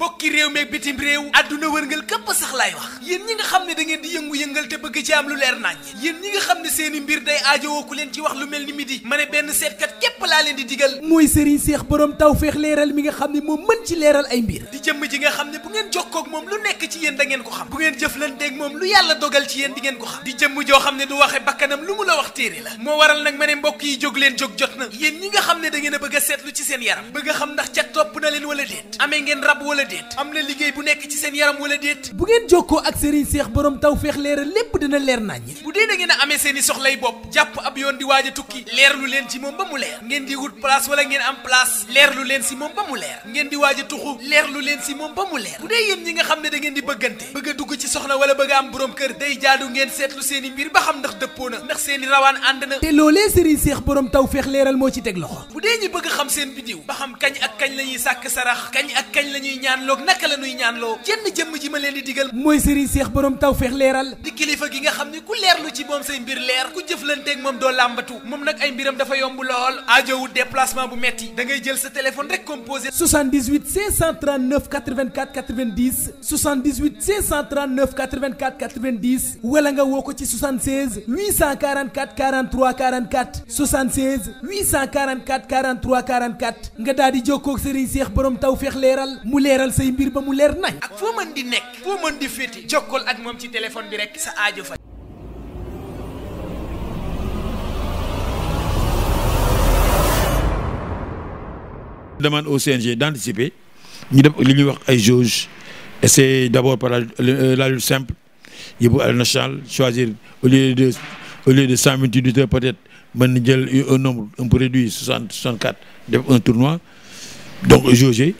bokki réew meeg bitim réew adduna wërngal këpp sax laay wax yéen ñi nga xam ne da ngeen di yëngu-yëngal te bëgg ci am lu leer nañ yéen ñi nga xam ne seeni mbir day aajowoo ku leen ci wax lu mel ni midi ma ne benn seetkat képp laa leen di digal mooy Serigne Seex borom tawfeex leeral mi nga xam ne moom mën ci leeral ay mbir di jëmm ji nga xam ne bu ngeen jokkoo moom lu nekk ci yéen da ko xam bu ngeen jëflanteeg moom lu yàlla dogal ci yéen di ngeen ko xam joo xam ne du waxe bakkanam téere la moo waral nag ma ne mbokk yi jóg leen jóg jot na yéen ñi nga xam ne da i soxlay di bëggante bëgg a dugg ci soxna wala bëgg a am borom kër day jaadu ngeen seetlu seen mbir ba xam ndax dëppoo ndax seen i alxuraan ànd na te loolee sëriñ seex borom tawfeex leeral moo ci teg loxo bu dee ñi bëgg xam seen bidiw ba xam kañ ak kañ la ñuy sàkk sarax kañ ak kañ la ñuy ñaanloog naka la ñuy ñaanloo jenn jëmm ji ma leen di digal mooy sëriñ seex borom tawfeex leeral di kilifa gi nga xam ne ku leer lu ci moom say mbir leer ku jëflanteeg moom doo làmbatu moom nag ay mbiram dafa yomb lool aajowul déplacement bu metti da ngay jël sa téléphone rek composé 78 539 84 90 78 539 84 90 wala nga woo ko ci 76 844 43 44 76 844 43 44 nga daal di jokkoo ak Serigne taw feex leeral mu leeral say mbir ba mu leer nañ. ak foo mën di nekk. foo mën ak moom ci téléphone bi rek sa aajo fa. demande au CNG d'anticiper ñu def li ñuy wax ay jauge et c'est d'abord par la euh, simple yóbbu à la choisir au lieu de au lieu de cent vingt-huit heures peut être mën na jël un nombre un peu réduit soixante soixante quatre def un tournoi donc jaugé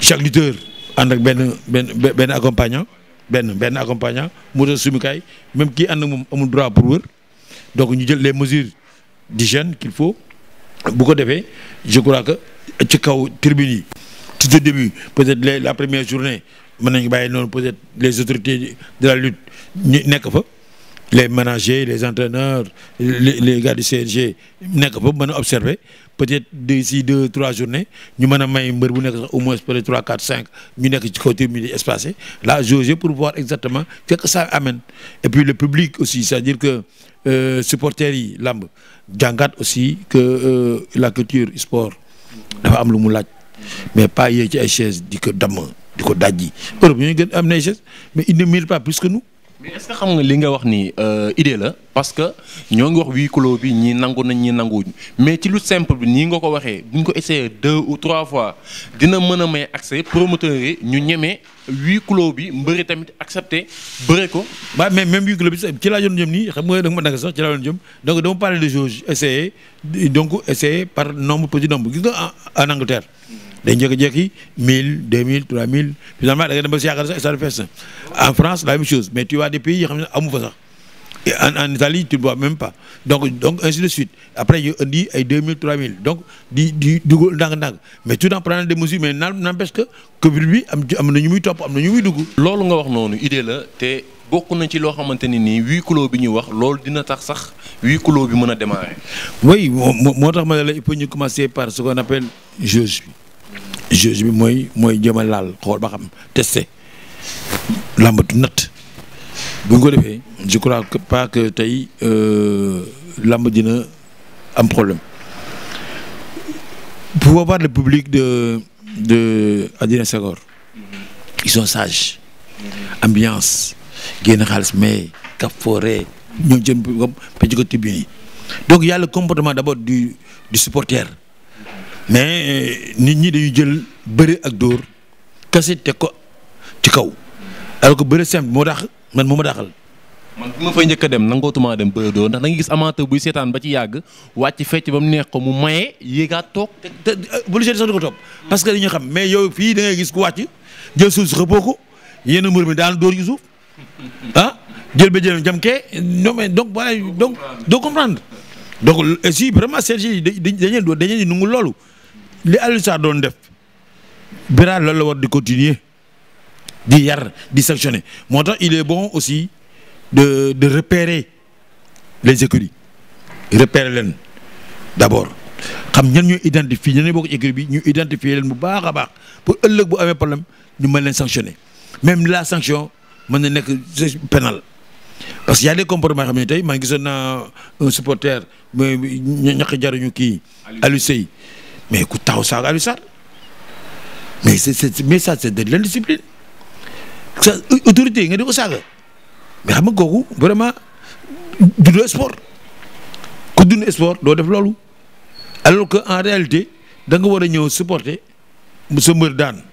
chaque lutteur ànd ak benn benn benn accompagnant benn benn accompagnant mu doon sumikaay même kii ànd ak moom amul droit pour wër donc ñu jël les mesures d'hygiène qu'il faut bu ko defee je crois que ci kaw tribune yi tout au début peut-être les la première journée mën nañu bàyyi noonu peut-être les autorités de la lutte ñu nekk fa les managers les entraîneurs les euh. les gars CNG nekk fa mën a observer peut-être d'ici deux trois journées ñu mën a may mbër bu nekk sax au moins peut-être trois quatre cinq ñu nekk ci côté mi di espacé là jauger pour voir exactement ce que ça amène et puis le public aussi c'est-à-dire que euh, supporters yi làmb jàngat aussi que euh, la culture sport dafa am lu mu laaj mais pas yee ci ay chaise di ko damm di ko dajji Europe ñooñu mais ils ne méritent pas plus nous. mais est-ce que xam nga li nga wax ni euh, idée la parce que ñoo ngi wax huis clos bi ñii nangu nañ ñii nanguwuñu mais ci lu simple bi nii nga ko waxee bu ñu ko essayé deux ou trois fois dina mën a may accès promoteurs yi ñu ñemee huis clos bi mbëri tamit accepter bëre ko. waaw mais même huis clos bi ci laa doon jëm nii xam nga da ma dagg sax ci laa doon jëm donc dama parler de jauge essayé donc essayé par nombre petit nombre gis nga en Angleterre. day jékki-jékki 1000 2000 3000 finalement da ngay dem ba si yaakaar sax stade mais ne amu fa sax et en donc donc après ñu indi ay 2000 3000 donc di di dugg ndànk-ndànk mais tout en prenant des naan n'empêche que Covid bi am am na ñu muy topp am na ñu muy dugg. loolu nga wax noonu idée la te. bokk na ci loo xamante ni nii huis clos bi ñu wax loolu dina tax sax huis clos bi mën a démarrer. oui moo moo tax ma ne la il faut ñu commencer par ce qu'on appelle jauge bi juge bi mooy mooy jéem laal xool ba xam testé làmbatu natt bu ñu ko defee je crois que pas que tey làmb dina am problème pour voir le public de de Adrien Senghor ils sont sages ambiance génn xaalis mais kap foore ñoom jëm pecc ko tribune yi donc y a le comportement d'abord du supporter mais euh, nit ñi dañuy jël bëre ak dóor kese te ko ci kaw alors que bëre simple moo tax man moo ma daaxal. man bi ma fay njëkk a dem nangootuma dem bëre dóor ndax da gis amateur buy seetaan ba ci yàgg wàcc fecc ba mu neex ko mu maye yéegaat toog. te te bu euh, lu sax di ko topp. parce que dañuy xam mais yow fii da gis ku wàcc jël suuf si xëppoo ko yenn mbër mi daan dóor ci suuf ah jël ba jël jam kee non euh, si vraiment Serge dañuy dañuy dañuy nangu loolu. li Aliou Sarr doon def Bira loolu la war di continuer di yar di sanctionner moo tax il est bon aussi de de repérer les écuries repérer leen d'abord xam ñan ñu identifier ñan ñu bokk écurie bi ñu identifie leen bu baax a baax pour ëllëg bu amee problème ñu mën leen sanctionner même la sanction mën na nekk pénal parce que y a des comportements yoo xam ne tey maa ngi gisoon naa un supporter ñaq jaruñu kii Aliou Seye mais ku taxaw saaga Aliou Sarr mais c'est c'est mais ça c'est de l'indiscipline sa autorité yi nga di ko saaga mais xam nga kooku vraiment dund sport ku dund sport doo def loolu alors que en réalité da nga war a ñëw supporter sa mbër daan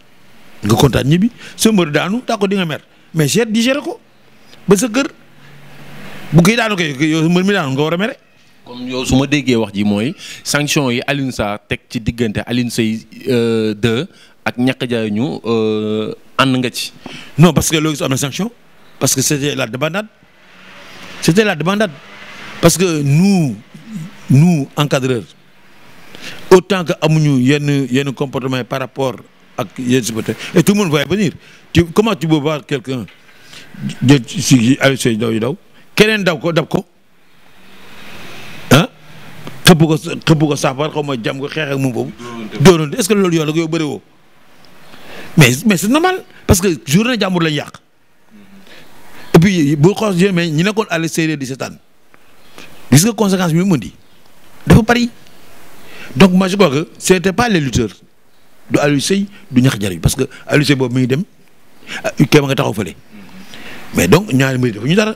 nga kontaan ñibbi sa mbër daanu daa ko di nga mer mais gère digéré ko ba sa kër bu koy daanu koy yow mbër mi daanu nga war a mere kon yow su ma déggee wax ji mooy sanction yi Alioune Sarr teg ci diggante Alioune Seye 2 euh, ak ñàkk jaay ñu euh, ànd nga ci. non parce que loolu su am na sanction parce que c'était la débandade c'était la débandade parce que nu nous encadreurs autant que amuñu yenn yenn comportement par rapport ak yenn supporters et tout le monde voyait venir comment tu peux voir quelqu'un jël si Alioune Seye daw yi daw keneen daw ko dab ko. xëpp ko xëpp ko saafara xaw ma jam ko xeex ak moom boobu. dóorante est-ce que loolu yoon la ko mais mais c'est normal parce que journée jàmbur lañ yàq. et puis bu xoos jëmee ñi nekkoon àll séeréer di seetaan gis nga conséquence bi mu indi dafa pari donc ma je crois que c'était pas les lutteurs du Aliou Seye du ñax jariñ parce que Aliou Seye boobu mi ngi dem ah, kéema nga taxaw fële mais donc ñaari mbir dafa ñu dara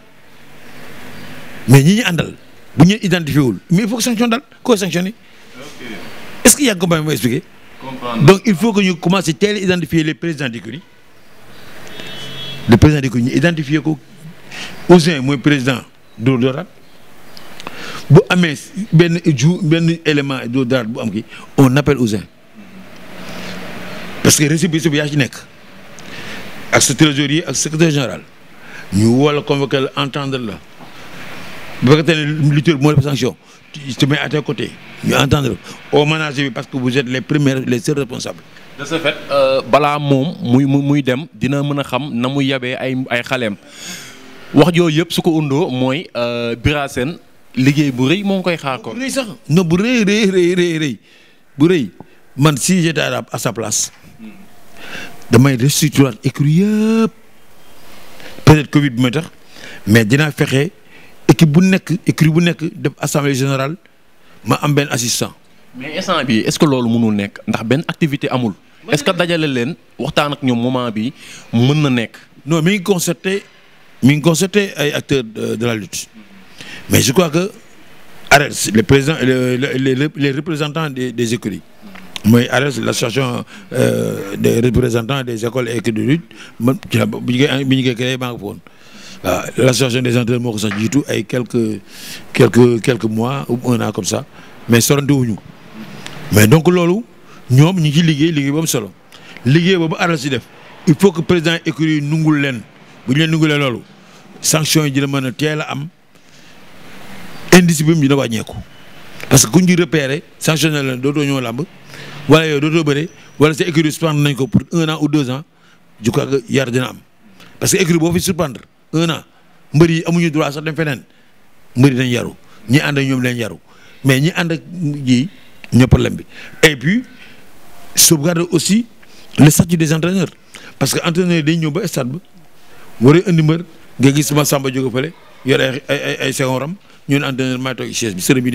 mais ñi ñu àndal. bu ñu identifié wul mais il faut que sanction daal koy sanctionné est ce que yaa ngi comprendre ma expliqué. donc il faut que ñu commencé teel a identifier les présidents d'écurie le président d'écurie ñu ko Ousin mooy président Dóor Dóoraat bu amee benn ju benn élément Dóor Dóoraat bu am ki on appelle Ousin parce que récépissé bi yaa ci nekk ak sa trésorier ak secrétaire général ñu wala convoqué la entendre la. bu fekkee ne lutteur moo def sanction te may à tes côtés ñu entendre au bi parce que vous êtes les premiers les seuls responsables. de ce euh, balaa moom muy muy dem dina mën a xam na mu yabee ay ay xaleem wax jooju yëpp su ko undoo mooy euh, Bira Sène liggéey bu rëy moo ngi koy xaar ko. bu sax non bu rëy rëy rëy bu rëy man si j'étais à sa place damay restructurer écurie yëpp peut-être Covid bi may mais dinaa fexe. équipe bu nekk écrit bu nekk dem assemblée générale ma am benn assistant. mais instant bi est ce que loolu mënul nekk ndax benn activité amul. est ce que dajale leen waxtaan ak ñoom moment bi mën na nekk. non mi ngi concerté mi ngi concerté ay acteur de la lutte mais je crois que ARES les présidents les les les représentants des des écuries. mooy ARES l'association euh, des représentants des écoles et de lutte man bu ñu koy bu ñu koy créé maa ngi foon waaw l'association des entraîneurs moo ko sax jiitu ay quelque quelques quelques mois ou un an comme ça mais sorante wuñu mais donc loolu ñoom ñu ngi ci liggéey liggéey ba mu solo liggéey boobu aral si def il faut que président écurie yi nungul leen bu ñu leen nungulee loolu sanction yi dina mën a teel a am indiscipline bi dina wàññeeku parce que ku ñu repéré sanctionné leen dootoo ñëw làmb wala yooyu dootoo bëre wala sa écurie suspendre nañ ko pour un an ou deux ans je crois que dina am parce que écurie boo fi un an mbër yi amuñu droit sax dem feneen mbëri yi yaru ñi ànd ak ñoom leen yaru mais ñi ànd ak ji ñoo problème bi et puis sauvegarder aussi le statut des entraîneurs parce que entraîneurs yi dañ ñëw ba stade ba war a indi mbër nga gis ma Samba jóge fële yore ay ay ay seconram ñun entraîneur maa bi sërë bi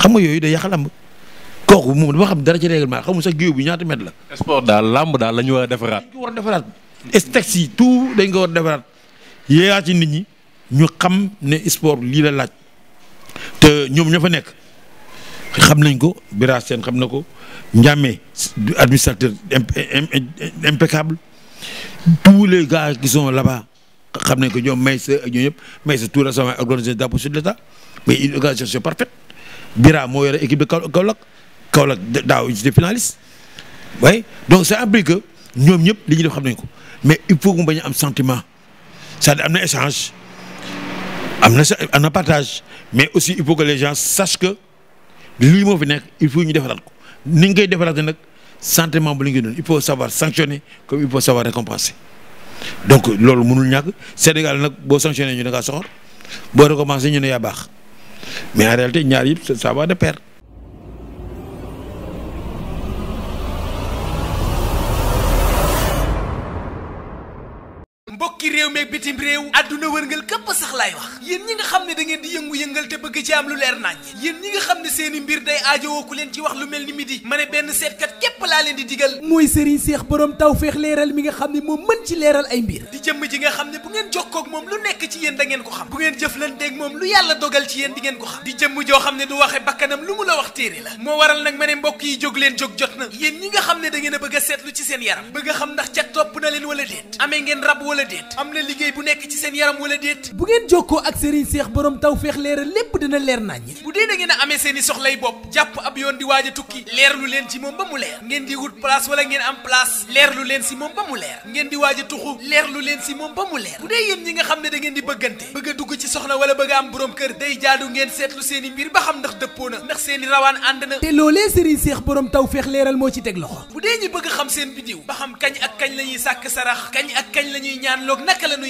xam nga yooyu day yàq làmb kooku moom dama xam dara ci règlement xamul sax géew bi ñaata mètre la. sport daal làmb daal la ñu war a defaraat. texte yi tout dañ ko war defaraat yéeyaa ci nit ñi ñu xam ne sport lii la laaj te ñoom ñoo fa nekk xam nañ ko Bira Sène xam na ko Ndiame administrateur impeccable tous les gars qui sont là-bas xam nañ ko ñoom Maysa ak ñoom ñëpp Maysa tout récemment organisé d' appui sur l' mais une organisation parfaite Bira moo yore équipe de Kaolack Kaolack daaw ñu ci finaliste oui donc ça implique que ñoom ñëpp liñu def xam nañ ko. mais il faut mu bañ am sentiment cest am na échange am na am na partage mais aussi il faut que les gens sachent que lii moo fi nekk il faut ñu defaraat ko ni nga koy defaraat nag sentiment bu la ñu doon il faut savoir sanctionner comme il faut savoir récompenser donc loolu munul ñàkk Sénégal nag boo sanctionné ñu ne ngaa soxor boo récompensé ñu ne yaa baax mais en réalité ñaar yëpp ça de pair. bitim réew adduna wërngal képp sax laay wax yéen ñi nga xam ne da ngeen di yëngu-yëngal te bëgg ci am lu leer nañ yéen ñi nga xam ne seeni mbir day aajowoo ku leen ci wax lu mel ni midi ma ne benn seetkat képp laa leen di digal mooy sëriñ seex borom tawfeex leeral mi nga xam ne moom mën ci leeral ay mbir di jëmm ji nga xam ne bu ngeen jokkoog moom lu nekk ci yéen ngeen ko xam bu ngeen jëflanteeg moom lu yàlla dogal ci yéen di ngeen ko xam di jëmm joo xam ne du waxe bakkanam lu mu la wax téere la moo ma ne mbokk yi leen jóg jot na yéen ñi nga xam ne da ngeen a bëgg a seetlu ci bëgg a xam ndax topp na leen wala déet amee ngeen rab wala déet liggéey bu nekk ci seen yaram wala déet bu ngeen jokkoo ak Serigne Seex borom taw feex leeral lépp dina leer naññ bu dee da ngeen a amee seen i soxlay bopp jàpp ab yoon di waaj a tukki leer lu leen ci moom ba mu leer ngeen di wut place wala ngeen am place leer leen si moom ba mu leer ngeen di waaj a tuxu leer leen si moom ba mu leer bu dee yéen ñi nga xam ne da di bëggante bëgg a dugg ci soxna wala bëgg a am borom kër day jaadu ngeen seetlu seen